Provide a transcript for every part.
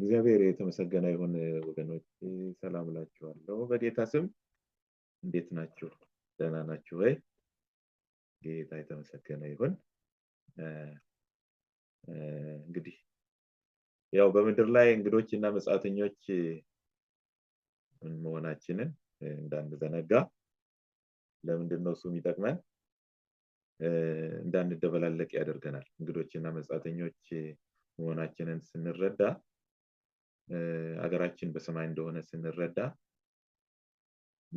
እግዚአብሔር የተመሰገነ ይሁን። ወገኖች ሰላም ላችኋለሁ በጌታ ስም እንዴት ናችሁ? ደህና ናችሁ ወይ? ጌታ የተመሰገነ ይሁን። እንግዲህ ያው በምድር ላይ እንግዶች እና መጻተኞች መሆናችንን እንዳንዘነጋ፣ ለምንድን ነው እሱ የሚጠቅመን? እንዳንደበላለቅ ያደርገናል። እንግዶች እና መጻተኞች መሆናችንን ስንረዳ አገራችን በሰማይ እንደሆነ ስንረዳ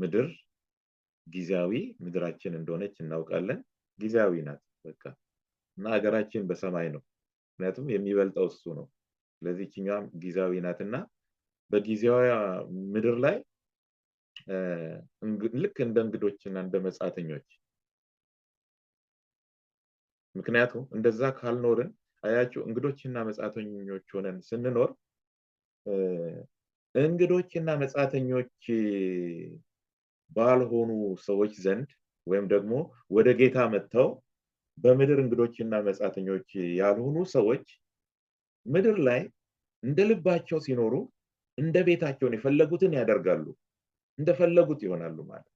ምድር ጊዜያዊ ምድራችን እንደሆነች እናውቃለን። ጊዜያዊ ናት በቃ እና ሀገራችን በሰማይ ነው። ምክንያቱም የሚበልጠው እሱ ነው። ስለዚህ ችኛም ጊዜያዊ ናት እና በጊዜያዊ ምድር ላይ ልክ እንደ እንግዶች እና እንደ መጻተኞች ምክንያቱም እንደዛ ካልኖርን አያቸው እንግዶችና መጻተኞች ሆነን ስንኖር እንግዶች እና መጻተኞች ባልሆኑ ሰዎች ዘንድ ወይም ደግሞ ወደ ጌታ መጥተው በምድር እና መጻተኞች ያልሆኑ ሰዎች ምድር ላይ እንደ ልባቸው ሲኖሩ እንደ ቤታቸውን የፈለጉትን ያደርጋሉ፣ እንደፈለጉት ይሆናሉ ማለት።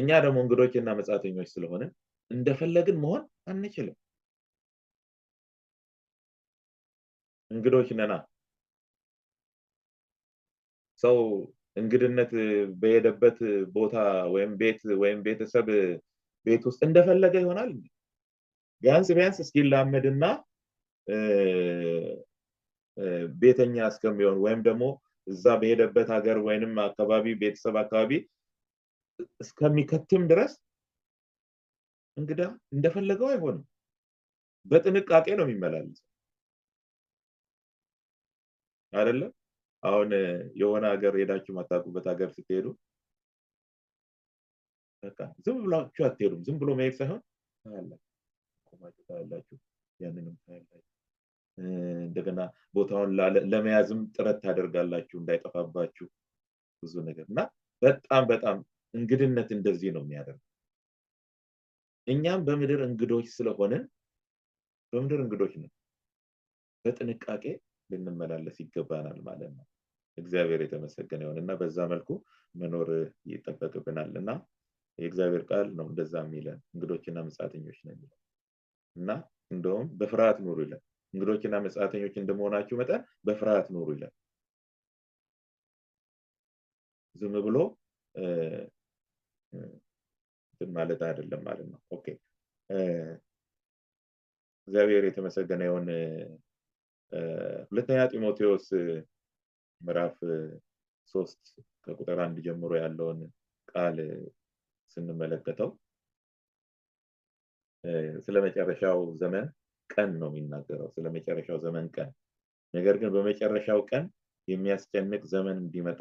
እኛ ደግሞ እና መጻተኞች ስለሆንን እንደፈለግን መሆን አንችልም። እንግዶች ነና ሰው እንግድነት በሄደበት ቦታ ወይም ቤት ወይም ቤተሰብ ቤት ውስጥ እንደፈለገ ይሆናል። ቢያንስ ቢያንስ እስኪላመድ እና ቤተኛ እስከሚሆን ወይም ደግሞ እዛ በሄደበት ሀገር ወይንም አካባቢ ቤተሰብ አካባቢ እስከሚከትም ድረስ እንግዳ እንደፈለገው አይሆንም። በጥንቃቄ ነው የሚመላለሰው። አይደለም አሁን የሆነ ሀገር ሄዳችሁ የማታውቁበት ሀገር ስትሄዱ በቃ ዝም ብላችሁ አትሄዱም። ዝም ብሎ መሄድ ሳይሆን ቆማችሁ ታያላችሁ፣ ያንንም ታያላችሁ። እንደገና ቦታውን ለመያዝም ጥረት ታደርጋላችሁ እንዳይጠፋባችሁ ብዙ ነገር እና በጣም በጣም እንግድነት እንደዚህ ነው የሚያደርገው። እኛም በምድር እንግዶች ስለሆንን በምድር እንግዶች ነው። በጥንቃቄ ልንመላለስ ይገባናል ማለት ነው። እግዚአብሔር የተመሰገነ ይሆን እና በዛ መልኩ መኖር ይጠበቅብናል እና የእግዚአብሔር ቃል ነው እንደዛ የሚለን እንግዶችና መጻተኞች ነው የሚለን እና እንደውም በፍርሃት ኑሩ ይለን። እንግዶችና መጻተኞች እንደመሆናችሁ መጠን በፍርሃት ኑሩ ይለን። ዝም ብሎ ማለት አይደለም ማለት ነው። ኦኬ እግዚአብሔር የተመሰገነ የሆን ሁለተኛ ጢሞቴዎስ ምዕራፍ ሶስት ከቁጥር አንድ ጀምሮ ያለውን ቃል ስንመለከተው ስለ መጨረሻው ዘመን ቀን ነው የሚናገረው ስለ መጨረሻው ዘመን ቀን ነገር ግን በመጨረሻው ቀን የሚያስጨንቅ ዘመን እንዲመጣ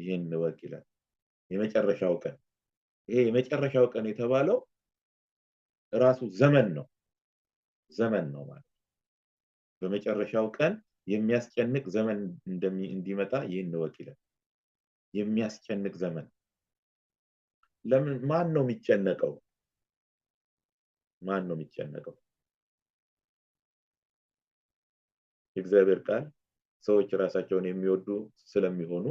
ይህን ንወቅ ይላል የመጨረሻው ቀን ይሄ የመጨረሻው ቀን የተባለው ራሱ ዘመን ነው ዘመን ነው ማለት በመጨረሻው ቀን የሚያስጨንቅ ዘመን እንዲመጣ ይህን እወቅ ይላል። የሚያስጨንቅ ዘመን ለምን? ማን ነው የሚጨነቀው? ማን ነው የሚጨነቀው? የእግዚአብሔር ቃል ሰዎች ራሳቸውን የሚወዱ ስለሚሆኑ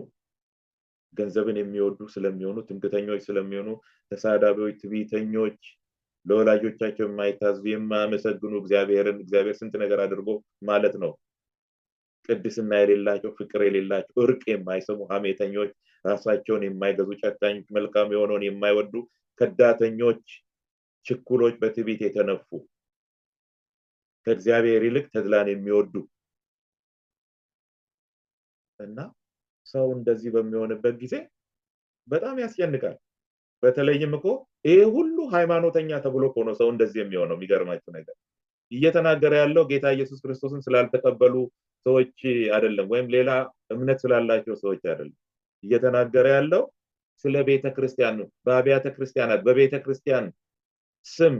ገንዘብን የሚወዱ ስለሚሆኑ፣ ትምክተኞች ስለሚሆኑ፣ ተሳዳቢዎች፣ ትቢተኞች ለወላጆቻቸው የማይታዙ የማያመሰግኑ እግዚአብሔርን እግዚአብሔር ስንት ነገር አድርጎ ማለት ነው ቅድስና የሌላቸው ፍቅር የሌላቸው እርቅ የማይሰሙ ሀሜተኞች ራሳቸውን የማይገዙ ጨካኞች መልካም የሆነውን የማይወዱ ከዳተኞች ችኩሎች በትቢት የተነፉ ከእግዚአብሔር ይልቅ ተድላን የሚወዱ እና ሰው እንደዚህ በሚሆንበት ጊዜ በጣም ያስጨንቃል በተለይም እኮ ይህ ሁሉ ሃይማኖተኛ ተብሎ ከሆነ ሰው እንደዚህ የሚሆነው። የሚገርማችሁ ነገር እየተናገረ ያለው ጌታ ኢየሱስ ክርስቶስን ስላልተቀበሉ ሰዎች አይደለም፣ ወይም ሌላ እምነት ስላላቸው ሰዎች አይደለም። እየተናገረ ያለው ስለ ቤተ ክርስቲያን በአብያተ ክርስቲያናት በቤተ ክርስቲያን ስም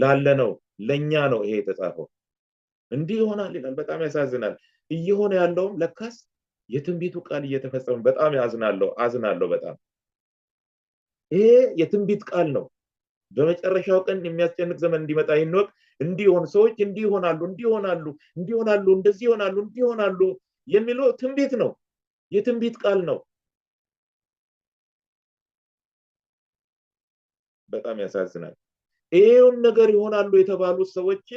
ላለ ነው፣ ለእኛ ነው ይሄ የተጻፈው። እንዲህ ይሆናል ይላል። በጣም ያሳዝናል። እየሆነ ያለውም ለካስ የትንቢቱ ቃል እየተፈጸመ በጣም ያዝናለሁ አዝናለሁ በጣም ይሄ የትንቢት ቃል ነው። በመጨረሻው ቀን የሚያስጨንቅ ዘመን እንዲመጣ ይህን እንዲሆን ሰዎች እንዲህ ይሆናሉ፣ እንዲሆናሉ ይሆናሉ፣ እንደዚህ ይሆናሉ፣ እንዲሆናሉ የሚለው ትንቢት ነው። የትንቢት ቃል ነው። በጣም ያሳዝናል። ይሄውን ነገር ይሆናሉ የተባሉት ሰዎች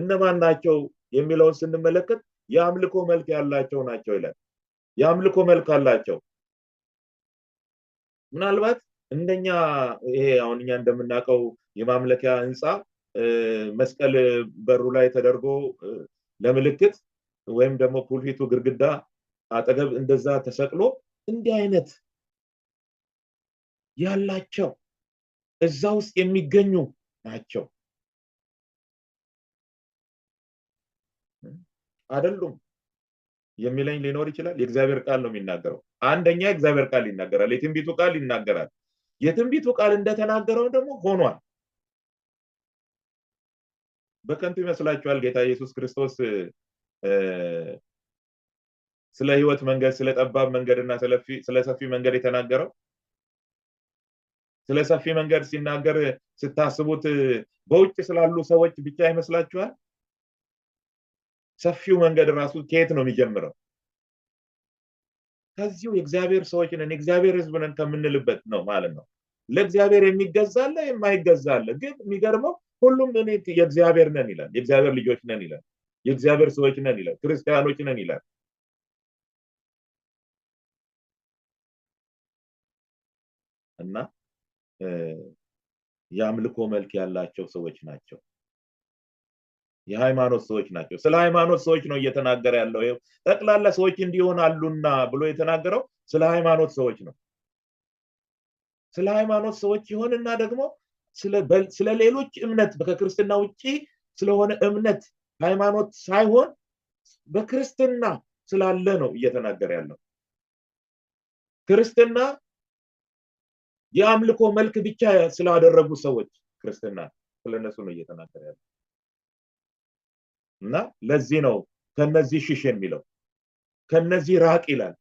እነማን ናቸው የሚለውን ስንመለከት የአምልኮ መልክ ያላቸው ናቸው ይላል። የአምልኮ መልክ አላቸው። ምናልባት እንደኛ ይሄ አሁን እኛ እንደምናውቀው የማምለኪያ ህንፃ መስቀል በሩ ላይ ተደርጎ ለምልክት ወይም ደግሞ ፑልፊቱ ግርግዳ አጠገብ እንደዛ ተሰቅሎ እንዲህ አይነት ያላቸው እዛ ውስጥ የሚገኙ ናቸው አይደሉም የሚለኝ ሊኖር ይችላል። የእግዚአብሔር ቃል ነው የሚናገረው። አንደኛ እግዚአብሔር ቃል ይናገራል። የትንቢቱ ቃል ይናገራል። የትንቢቱ ቃል እንደተናገረው ደግሞ ሆኗል። በከንቱ ይመስላችኋል? ጌታ ኢየሱስ ክርስቶስ ስለ ህይወት መንገድ፣ ስለ ጠባብ መንገድ እና ስለ ሰፊ መንገድ የተናገረው ስለ ሰፊ መንገድ ሲናገር ስታስቡት በውጭ ስላሉ ሰዎች ብቻ ይመስላችኋል? ሰፊው መንገድ ራሱ ከየት ነው የሚጀምረው? ከዚሁ የእግዚአብሔር ሰዎች ነን የእግዚአብሔር ህዝብ ነን ከምንልበት ነው ማለት ነው ለእግዚአብሔር የሚገዛለ የማይገዛለ ግን የሚገርመው ሁሉም እኔ የእግዚአብሔር ነን ይላል የእግዚአብሔር ልጆች ነን ይላል የእግዚአብሔር ሰዎች ነን ይላል ክርስቲያኖች ነን ይላል እና የአምልኮ መልክ ያላቸው ሰዎች ናቸው የሃይማኖት ሰዎች ናቸው ስለ ሃይማኖት ሰዎች ነው እየተናገረ ያለው ይው ጠቅላላ ሰዎች እንዲሆን አሉና ብሎ የተናገረው ስለ ሃይማኖት ሰዎች ነው ስለ ሃይማኖት ሰዎች ይሆንና ደግሞ ስለ ሌሎች እምነት ከክርስትና ውጭ ስለሆነ እምነት ሃይማኖት ሳይሆን በክርስትና ስላለ ነው እየተናገረ ያለው ክርስትና የአምልኮ መልክ ብቻ ስላደረጉ ሰዎች ክርስትና ስለነሱ ነው እየተናገረ ያለው እና ለዚህ ነው ከነዚህ ሽሽ የሚለው ከነዚህ ራቅ ይላል።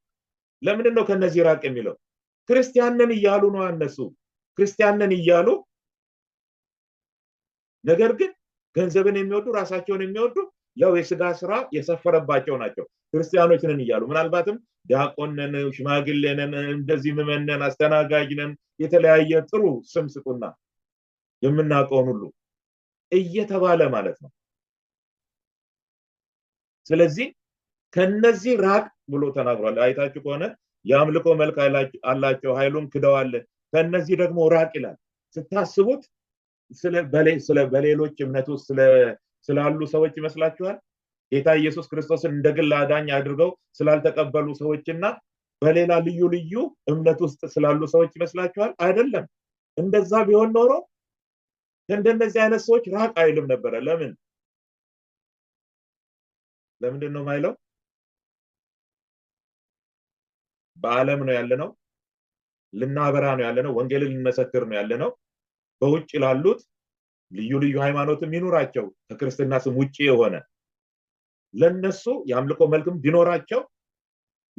ለምንድን ነው ከነዚህ ራቅ የሚለው? ክርስቲያንን እያሉ ነው እነሱ ክርስቲያንን እያሉ ነገር ግን ገንዘብን የሚወዱ ራሳቸውን የሚወዱ ያው የስጋ ስራ የሰፈረባቸው ናቸው። ክርስቲያኖችንን እያሉ ምናልባትም ዲያቆንን፣ ሽማግሌንን፣ እንደዚህ ምመነን፣ አስተናጋጅነን የተለያየ ጥሩ ስም ስጡና የምናውቀውን ሁሉ እየተባለ ማለት ነው ስለዚህ ከነዚህ ራቅ ብሎ ተናግሯል። አይታችሁ ከሆነ የአምልኮ መልክ አላቸው፣ ኃይሉን ክደዋለ ከነዚህ ደግሞ ራቅ ይላል። ስታስቡት በሌሎች እምነት ውስጥ ስላሉ ሰዎች ይመስላችኋል? ጌታ ኢየሱስ ክርስቶስን እንደ ግል አዳኝ አድርገው ስላልተቀበሉ ሰዎችና በሌላ ልዩ ልዩ እምነት ውስጥ ስላሉ ሰዎች ይመስላችኋል? አይደለም። እንደዛ ቢሆን ኖሮ ከእንደነዚህ አይነት ሰዎች ራቅ አይልም ነበረ። ለምን? ለምንድን ነው ማይለው? በዓለም ነው ያለነው፣ ልናበራ ነው ያለነው፣ ወንጌልን ልንመሰክር ነው ያለነው። በውጭ ላሉት ልዩ ልዩ ሃይማኖትም ይኑራቸው ከክርስትና ስም ውጭ የሆነ ለነሱ የአምልኮ መልክም ቢኖራቸው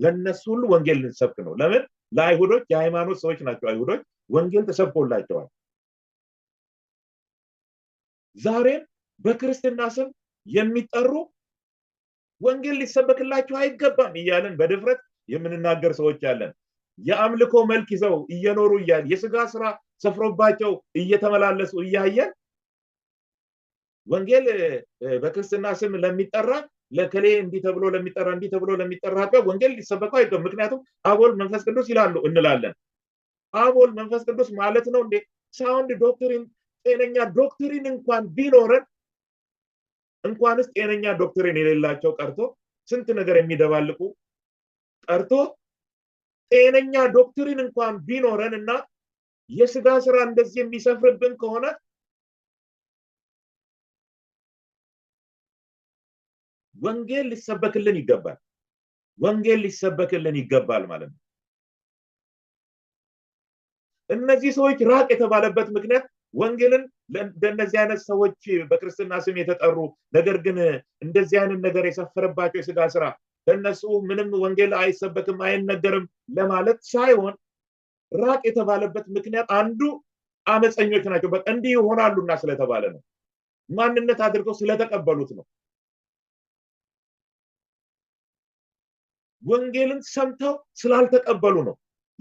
ለነሱ ሁሉ ወንጌል ልንሰብክ ነው። ለምን? ለአይሁዶች የሃይማኖት ሰዎች ናቸው። አይሁዶች ወንጌል ተሰብኮላቸዋል። ዛሬም በክርስትና ስም የሚጠሩ ወንጌል ሊሰበክላችሁ አይገባም እያለን በድፍረት የምንናገር ሰዎች አለን። የአምልኮ መልክ ይዘው እየኖሩ እያል የስጋ ስራ ሰፍሮባቸው እየተመላለሱ እያየን ወንጌል በክርስትና ስም ለሚጠራ ለከሌ እንዲህ ተብሎ ለሚጠራ እንዲህ ተብሎ ለሚጠራ ወንጌል ሊሰበከው አይገባም። ምክንያቱም አቦል መንፈስ ቅዱስ ይላሉ እንላለን። አቦል መንፈስ ቅዱስ ማለት ነው እንዴ? ሳውንድ ዶክትሪን ጤነኛ ዶክትሪን እንኳን ቢኖረን እንኳንስ ጤነኛ ዶክትሪን የሌላቸው ቀርቶ ስንት ነገር የሚደባልቁ ቀርቶ ጤነኛ ዶክትሪን እንኳን ቢኖረን እና የስጋ ስራ እንደዚህ የሚሰፍርብን ከሆነ ወንጌል ሊሰበክልን ይገባል። ወንጌል ሊሰበክልን ይገባል ማለት ነው። እነዚህ ሰዎች ራቅ የተባለበት ምክንያት ወንጌልን ለእንደዚህ አይነት ሰዎች በክርስትና ስም የተጠሩ ነገር ግን እንደዚህ አይነት ነገር የሰፈረባቸው የስጋ ስራ ለእነሱ ምንም ወንጌል አይሰበክም አይነገርም ለማለት ሳይሆን ራቅ የተባለበት ምክንያት አንዱ አመፀኞች ናቸው በቃ እንዲህ ይሆናሉና ስለተባለ ነው ማንነት አድርገው ስለተቀበሉት ነው ወንጌልን ሰምተው ስላልተቀበሉ ነው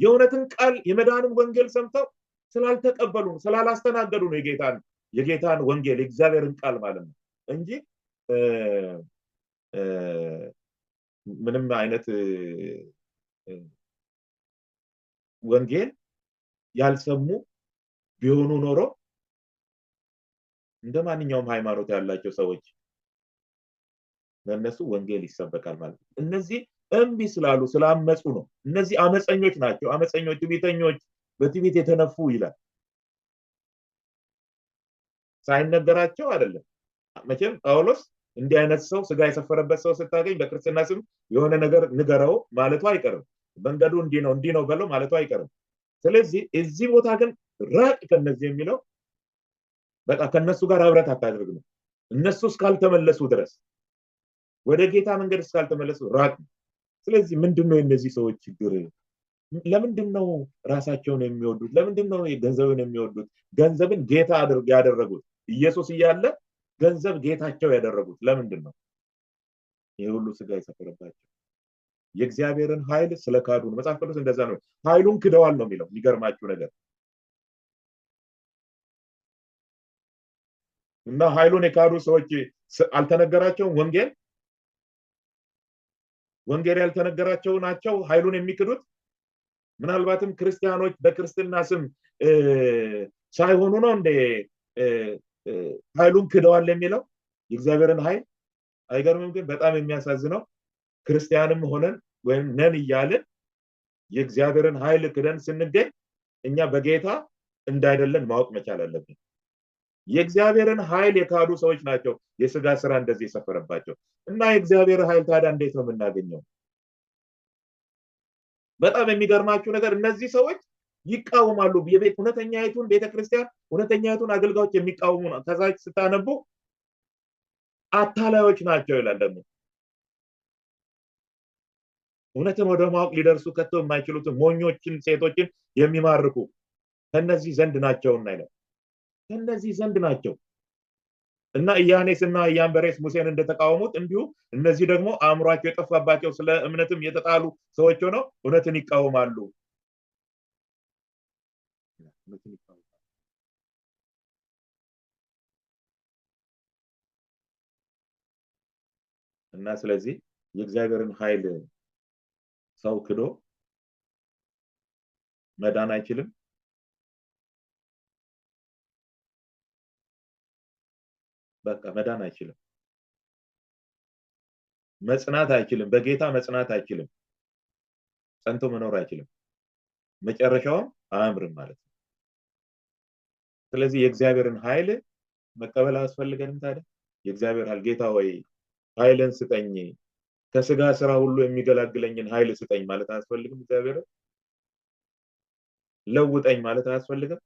የእውነትን ቃል የመዳንን ወንጌል ሰምተው ስላልተቀበሉ ነው ስላላስተናገዱ ነው የጌታን የጌታን ወንጌል የእግዚአብሔርን ቃል ማለት ነው እንጂ ምንም አይነት ወንጌል ያልሰሙ ቢሆኑ ኖሮ እንደ ማንኛውም ሃይማኖት ያላቸው ሰዎች ለእነሱ ወንጌል ይሰበቃል ማለት ነው። እነዚህ እምቢ ስላሉ ስላመፁ ነው። እነዚህ አመፀኞች ናቸው። አመፀኞች፣ ቤተኞች በትዕቢት የተነፉ ይላል። ሳይነገራቸው አይደለም። መቼም ጳውሎስ እንዲህ አይነት ሰው ስጋ የሰፈረበት ሰው ስታገኝ በክርስትና ስም የሆነ ነገር ንገረው ማለቱ አይቀርም። መንገዱ እንዲህ ነው እንዲህ ነው በለው ማለቱ አይቀርም። ስለዚህ እዚህ ቦታ ግን ራቅ ከነዚህ የሚለው በቃ ከነሱ ጋር ህብረት አታድርግ ነው። እነሱ እስካልተመለሱ ድረስ ወደ ጌታ መንገድ እስካልተመለሱ ራቅ ነው። ስለዚህ ምንድነው የነዚህ ሰዎች ችግር? ለምንድን ነው ራሳቸውን የሚወዱት? ለምንድን ነው ገንዘብን የሚወዱት? ገንዘብን ጌታ ያደረጉት ኢየሱስ እያለ ገንዘብ ጌታቸው ያደረጉት ለምንድን ነው? ይህ ሁሉ ስጋ የሰፈረባቸው የእግዚአብሔርን ኃይል ስለካዱ ነው። መጽሐፍ ቅዱስ እንደዛ ነው። ኃይሉን ክደዋል ነው የሚለው። የሚገርማችሁ ነገር እና ኃይሉን የካዱ ሰዎች አልተነገራቸውም ወንጌል ወንጌል ያልተነገራቸው ናቸው ኃይሉን የሚክዱት ምናልባትም ክርስቲያኖች በክርስትና ስም ሳይሆኑ ነው እንደ ኃይሉን ክደዋል የሚለው የእግዚአብሔርን ኃይል አይገርምም? ግን በጣም የሚያሳዝነው ክርስቲያንም ሆነን ወይም ነን እያልን የእግዚአብሔርን ኃይል ክደን ስንገኝ እኛ በጌታ እንዳይደለን ማወቅ መቻል አለብን። የእግዚአብሔርን ኃይል የካዱ ሰዎች ናቸው የስጋ ስራ እንደዚህ የሰፈረባቸው እና የእግዚአብሔር ኃይል ታዲያ እንዴት ነው የምናገኘው? በጣም የሚገርማችሁ ነገር እነዚህ ሰዎች ይቃወማሉ። እውነተኛይቱን ቤተክርስቲያን፣ እውነተኛይቱን አገልጋዮች የሚቃወሙ ነው። ከዛች ስታነቡ አታላዮች ናቸው ይላል። ደግሞ እውነትን ወደ ማወቅ ሊደርሱ ከቶ የማይችሉትን ሞኞችን፣ ሴቶችን የሚማርኩ ከነዚህ ዘንድ ናቸውና ይላል። ከነዚህ ዘንድ ናቸው እና ኢያኔስ እና ኢያንበሬስ ሙሴን እንደተቃወሙት እንዲሁ እነዚህ ደግሞ አእምሯቸው የጠፋባቸው ስለ እምነትም የተጣሉ ሰዎች ሆነው እውነትን ይቃወማሉ እና ስለዚህ የእግዚአብሔርን ኃይል ሰው ክዶ መዳን አይችልም በቃ መዳን አይችልም። መጽናት አይችልም። በጌታ መጽናት አይችልም። ጸንቶ መኖር አይችልም። መጨረሻውም አያምርም ማለት ነው። ስለዚህ የእግዚአብሔርን ኃይል መቀበል አያስፈልገንም ታዲያ? የእግዚአብሔር ኃይል ጌታ ወይ ኃይልን ስጠኝ፣ ከስጋ ስራ ሁሉ የሚገላግለኝን ኃይል ስጠኝ ማለት አያስፈልግም? እግዚአብሔር ለውጠኝ ማለት አያስፈልግም?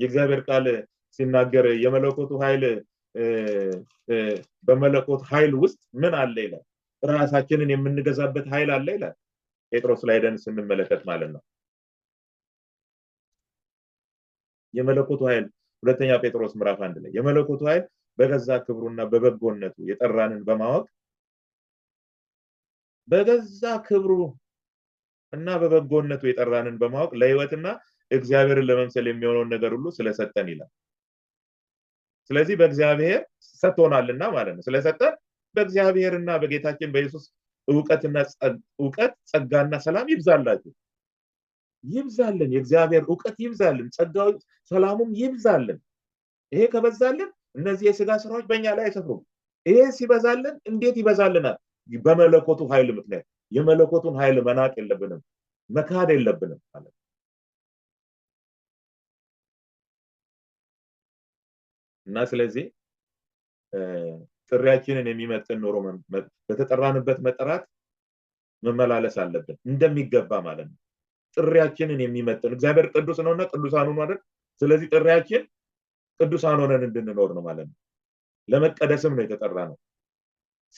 የእግዚአብሔር ቃል ሲናገር የመለኮቱ ኃይል በመለኮት ኃይል ውስጥ ምን አለ ይላል ራሳችንን የምንገዛበት ኃይል አለ ይላል ጴጥሮስ ላይ ደን ስንመለከት ማለት ነው የመለኮቱ ኃይል ሁለተኛ ጴጥሮስ ምዕራፍ አንድ ላይ የመለኮቱ ኃይል በገዛ ክብሩና በበጎነቱ የጠራንን በማወቅ በገዛ ክብሩ እና በበጎነቱ የጠራንን በማወቅ ለህይወትና እግዚአብሔርን ለመምሰል የሚሆነውን ነገር ሁሉ ስለሰጠን ይላል ስለዚህ በእግዚአብሔር ሰጥቶናልና ማለት ነው። ስለሰጠን በእግዚአብሔርና በጌታችን በኢየሱስ እውቀትና እውቀት ጸጋና ሰላም ይብዛላችሁ። ይብዛልን። የእግዚአብሔር እውቀት ይብዛልን፣ ጸጋ ሰላሙም ይብዛልን። ይሄ ከበዛልን እነዚህ የስጋ ስራዎች በእኛ ላይ አይሰፍሩም። ይሄ ሲበዛልን እንዴት ይበዛልናል? በመለኮቱ ኃይል ምክንያት የመለኮቱን ኃይል መናቅ የለብንም፣ መካድ የለብንም ማለት እና ስለዚህ ጥሪያችንን የሚመጥን ኑሮ በተጠራንበት መጠራት መመላለስ አለብን እንደሚገባ ማለት ነው። ጥሪያችንን የሚመጥን እግዚአብሔር ቅዱስ ነውና ቅዱሳን ሁኑ አይደል? ስለዚህ ጥሪያችን ቅዱሳን ሆነን እንድንኖር ነው ማለት ነው። ለመቀደስም ነው የተጠራ ነው።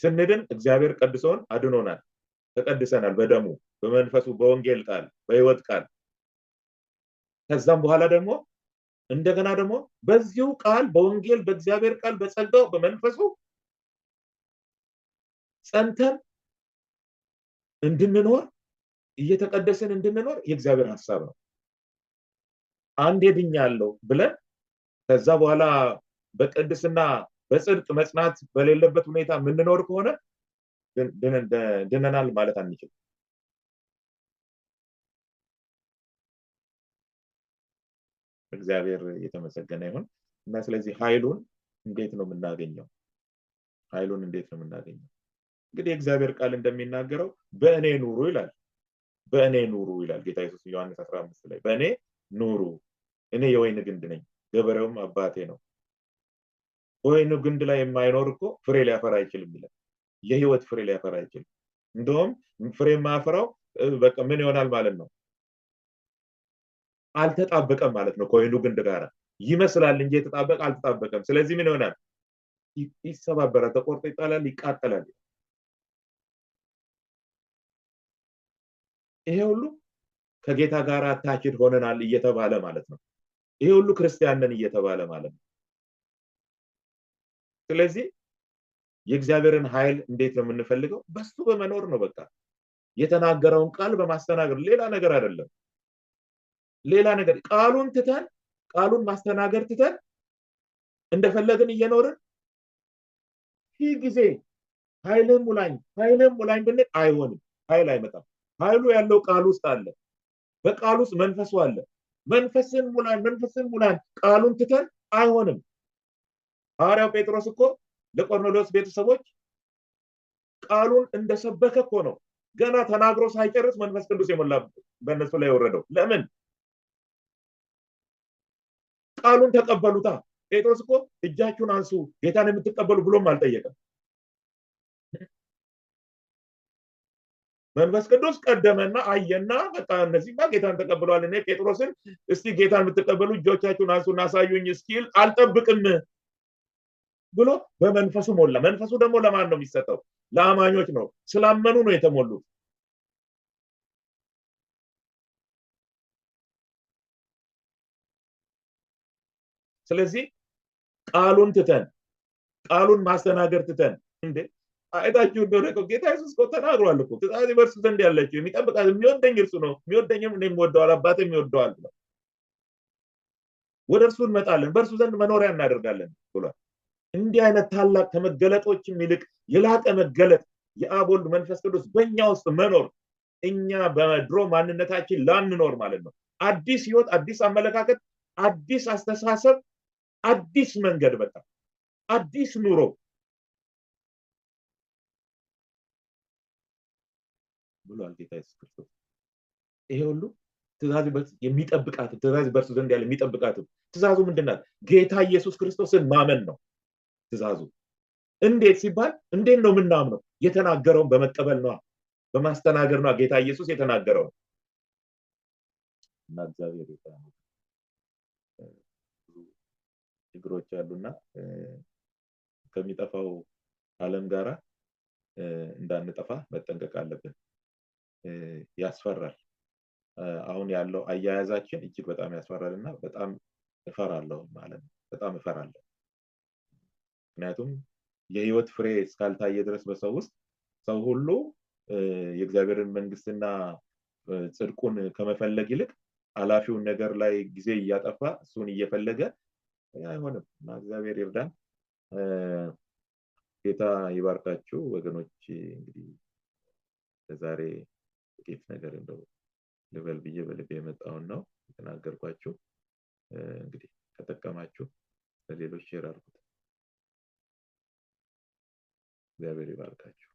ስንድን እግዚአብሔር ቀድሰውን አድኖናል፣ ተቀድሰናል። በደሙ በመንፈሱ በወንጌል ቃል በህይወት ቃል ከዛም በኋላ ደግሞ እንደገና ደግሞ በዚሁ ቃል በወንጌል በእግዚአብሔር ቃል በጸጋው በመንፈሱ ጸንተን እንድንኖር እየተቀደስን እንድንኖር የእግዚአብሔር ሀሳብ ነው። አንድ የድኛ አለው ብለን ከዛ በኋላ በቅድስና በጽድቅ መጽናት በሌለበት ሁኔታ የምንኖር ከሆነ ድነናል ማለት አንችልም። እግዚአብሔር የተመሰገነ ይሁን እና ስለዚህ ኃይሉን እንዴት ነው የምናገኘው? ኃይሉን እንዴት ነው የምናገኘው? እንግዲህ የእግዚአብሔር ቃል እንደሚናገረው በእኔ ኑሩ ይላል። በእኔ ኑሩ ይላል ጌታ ዮሐንስ 15 ላይ በእኔ ኑሩ፣ እኔ የወይን ግንድ ነኝ፣ ገበሬውም አባቴ ነው። በወይኑ ግንድ ላይ የማይኖር እኮ ፍሬ ሊያፈራ አይችልም ይላል። የህይወት ፍሬ ሊያፈራ አይችልም። እንደውም ፍሬ የማያፈራው በቃ ምን ይሆናል ማለት ነው አልተጣበቀም ማለት ነው ከወይኑ ግንድ ጋር ይመስላል እንጂ የተጣበቀ አልተጣበቀም ስለዚህ ምን ይሆናል ይሰባበረ ተቆርጦ ይጣላል ይቃጠላል ይሄ ሁሉ ከጌታ ጋር አታችድ ሆነናል እየተባለ ማለት ነው ይሄ ሁሉ ክርስቲያንን እየተባለ ማለት ነው ስለዚህ የእግዚአብሔርን ኃይል እንዴት ነው የምንፈልገው በሱ በመኖር ነው በቃ የተናገረውን ቃል በማስተናገድ ሌላ ነገር አይደለም ሌላ ነገር ቃሉን ትተን ቃሉን ማስተናገድ ትተን እንደፈለግን እየኖርን ይህ ጊዜ ኃይልን ሙላኝ ኃይልን ሙላኝ ብንል አይሆንም። ኃይል አይመጣም። ኃይሉ ያለው ቃል ውስጥ አለ። በቃል ውስጥ መንፈሱ አለ። መንፈስን ሙላን መንፈስን ሙላን ቃሉን ትተን አይሆንም። ሐዋርያው ጴጥሮስ እኮ ለቆርኔሌዎስ ቤተሰቦች ቃሉን እንደሰበከ እኮ ነው ገና ተናግሮ ሳይጨርስ መንፈስ ቅዱስ የሞላ በእነሱ ላይ የወረደው ለምን ቃሉን ተቀበሉታ። ጴጥሮስ እኮ እጃችሁን አንሱ ጌታን የምትቀበሉ ብሎም አልጠየቀም። መንፈስ ቅዱስ ቀደመና አየና በቃ እነዚህ ጌታን ተቀብለዋል። እኔ ጴጥሮስን እስቲ ጌታን የምትቀበሉ እጆቻችሁን አንሱ እናሳዩኝ እስኪል አልጠብቅም ብሎ በመንፈሱ ሞላ። መንፈሱ ደግሞ ለማን ነው የሚሰጠው? ለአማኞች ነው። ስላመኑ ነው የተሞሉት። ስለዚህ ቃሉን ትተን ቃሉን ማስተናገር ትተን እንዴ አይታችሁ እንደሆነ ጌታ ሱስ እኮ ተናግሯል እኮ ትእዛዝ በእርሱ ዘንድ ያለችው የሚጠብቃ የሚወደኝ እርሱ ነው የሚወደኝም የሚወደዋል አባት የሚወደዋል ብሏል ወደ እርሱ እንመጣለን በእርሱ ዘንድ መኖሪያ እናደርጋለን ብሏል እንዲህ አይነት ታላቅ ከመገለጦችም ይልቅ የላቀ መገለጥ የአብ ወልድ መንፈስ ቅዱስ በእኛ ውስጥ መኖር እኛ በድሮ ማንነታችን ላንኖር ማለት ነው አዲስ ህይወት አዲስ አመለካከት አዲስ አስተሳሰብ አዲስ መንገድ በቃ አዲስ ኑሮ ብሏል ጌታ ኢየሱስ ክርስቶስ። ይሄ ሁሉ ትእዛዙ የሚጠብቃት ትእዛዝ በእርሱ ዘንድ ያለ የሚጠብቃት ትእዛዙ ምንድን ናት? ጌታ ኢየሱስ ክርስቶስን ማመን ነው ትእዛዙ። እንዴት ሲባል እንዴት ነው የምናምነው? የተናገረውን በመቀበል ነዋ፣ በማስተናገር ነዋ። ጌታ ኢየሱስ የተናገረው እና እግዚአብሔር ችግሮች አሉና ከሚጠፋው ዓለም ጋራ እንዳንጠፋ መጠንቀቅ አለብን። ያስፈራል። አሁን ያለው አያያዛችን እጅግ በጣም ያስፈራል እና በጣም እፈራለሁ ማለት ነው። በጣም እፈራለሁ። ምክንያቱም የህይወት ፍሬ እስካልታየ ድረስ በሰው ውስጥ ሰው ሁሉ የእግዚአብሔርን መንግስትና ጽድቁን ከመፈለግ ይልቅ አላፊውን ነገር ላይ ጊዜ እያጠፋ እሱን እየፈለገ አይሆንም እና እግዚአብሔር ይርዳን። ጌታ ይባርካችሁ ወገኖች። እንግዲህ ለዛሬ ጥቂት ነገር እንደው ልበል ብዬ በልቤ የመጣውን ነው የተናገርኳችሁ። እንግዲህ ከጠቀማችሁ ለሌሎች ሼር አድርጉት። እግዚአብሔር ይባርካችሁ።